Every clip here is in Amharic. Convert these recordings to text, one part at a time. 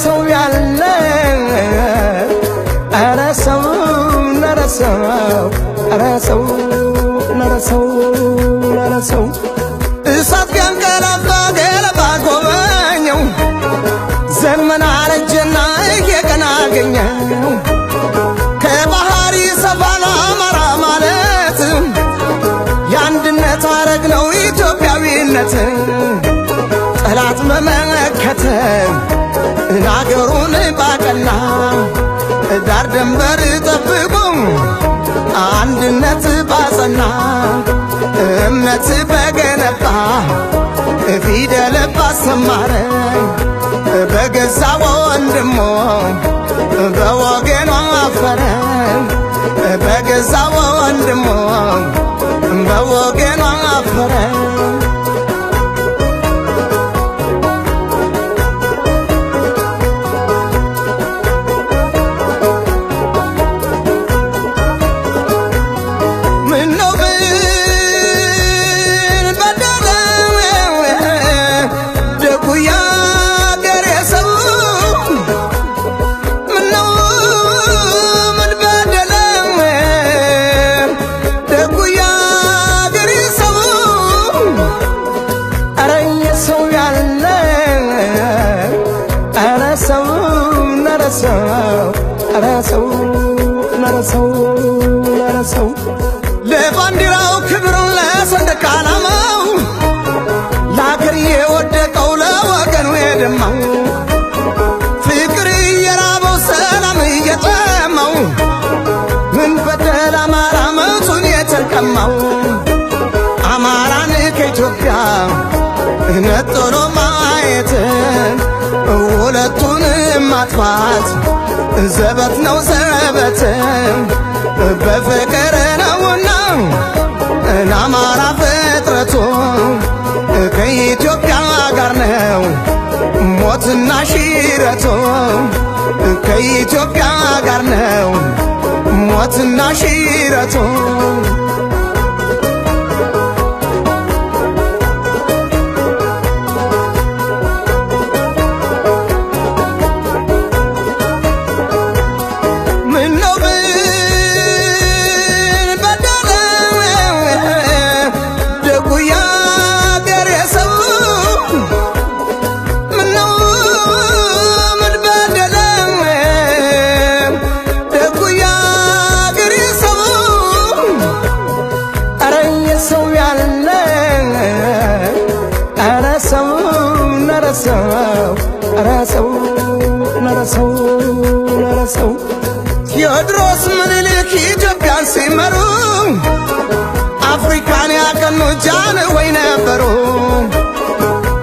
ሰው ያለ ኧረ ሰው ኧረ ሰው ኧረ ሰው እሳት ቢያንቀላፋ ገለባ ጎበኘው ዘመን አረጀና እየቀና አገኘ ዳር ድንበር ጠብቆ አንድነት ባጸና እምነት በገነባ ፊደል ባሰማረ በገዛ ወንድሞ በወገኗ አፈረ በገዛ ወንድሞ በወገኗ አፈረ ረሰው ረሰው ረሰው ለባንዲራው ክብሩን ለሰንደቅ ዓላማው ለአገር የወደቀው ለወገኑ የደማው ፍቅር እየራበው ሰላም እየጠማው ምን በደል አማራ መቱን የተቀማው አማራን ከኢትዮጵያ እነት ማጥፋት ዘበት ነው ዘበት በፍቅር ነውና ለአማራ ፍጥረቱ ከኢትዮጵያ ጋር ነው ሞትና ሽረቱ ከኢትዮጵያ ጋር ነው ሞትና ሽረቱ ረሳው ረሳው ረሳው ረሳው ቴዎድሮስ ምኒልክ ኢትዮጵያን ሲመሩ አፍሪካን ያቀኑ ጃንሆይ ነበሩ።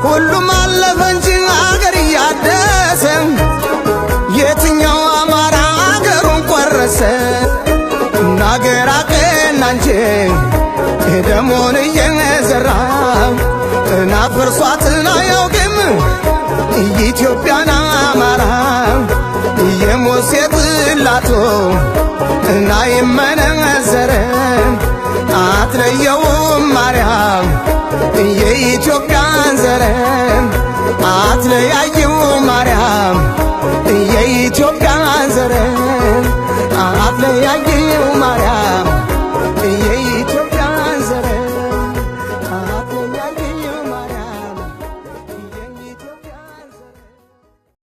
ሁሉም አለፈ እንጂ አገር እያደሰ የትኛው አማራ አገሩን ቆረሰ? እንጂ እየዘራ ያውቅ ኢትዮጵያን አማራ የሞሴ ብላቶ እና ይመነዘረ አትለየውም ማርያም የኢትዮጵያን ዘረ